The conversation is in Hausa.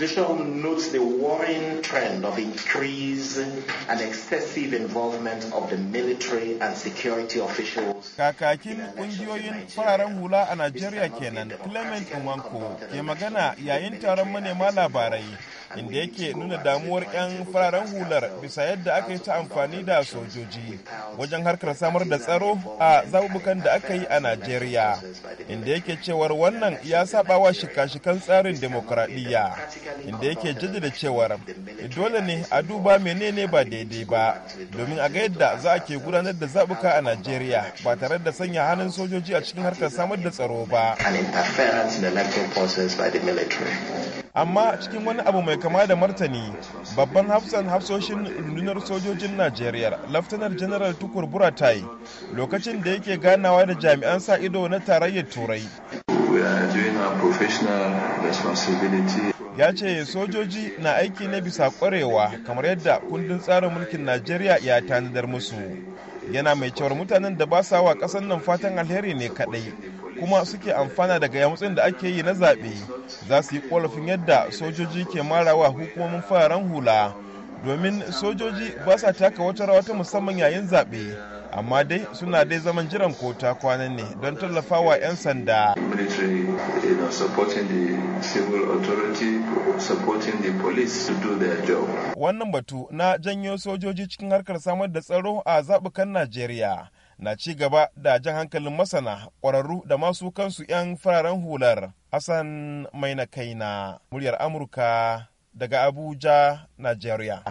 Tradition notes the worrying trend of increase and excessive involvement of the military and security officials. Kakakin kungiyoyin fararen hula a Najeriya kenan Clement Nwanko ke magana yayin taron manema labarai inda yake nuna damuwar 'yan fararen hular bisa yadda aka yi ta amfani da sojoji wajen harkar samar da tsaro a zabubukan da aka yi a najeriya inda yake cewar wannan ya saba wa shika-shikan tsarin demokuraɗiyya inda yake jaddada cewar dole ne a duba menene ba daidai ba domin a ga yadda za a ke gudanar da zabuka a najeriya ba tare da sanya hannun sojoji a cikin harkar samar da tsaro ba. amma cikin wani abu mai kama da martani babban hafsan hafsoshin rundunar sojojin najeriya laftanar general tukur buratai lokacin da yake ganawa da jami'an sa ido na tarayyar turai ya ce sojoji na aiki na bisa kwarewa kamar yadda kundin tsarin mulkin najeriya ya tanadar musu yana mai cewar mutanen da ba sa wa ƙasar nan fatan alheri ne kaɗai kuma suke amfana daga yamutsin da ake yi na zaɓe za su yi ƙorafin yadda sojoji ke marawa hukumomin fararen hula domin sojoji ba sa taka wata rawa ta musamman yayin zaɓe amma dai suna dai zaman jiran kota kwanan ne don tallafawa 'yan sanda wannan batu na janyo sojoji cikin harkar samar da tsaro a zaɓukan najeriya na ci gaba da jan hankalin masana ƙwararru da masu kansu 'yan fararen hular hassan na kaina muryar amurka daga abuja najeriya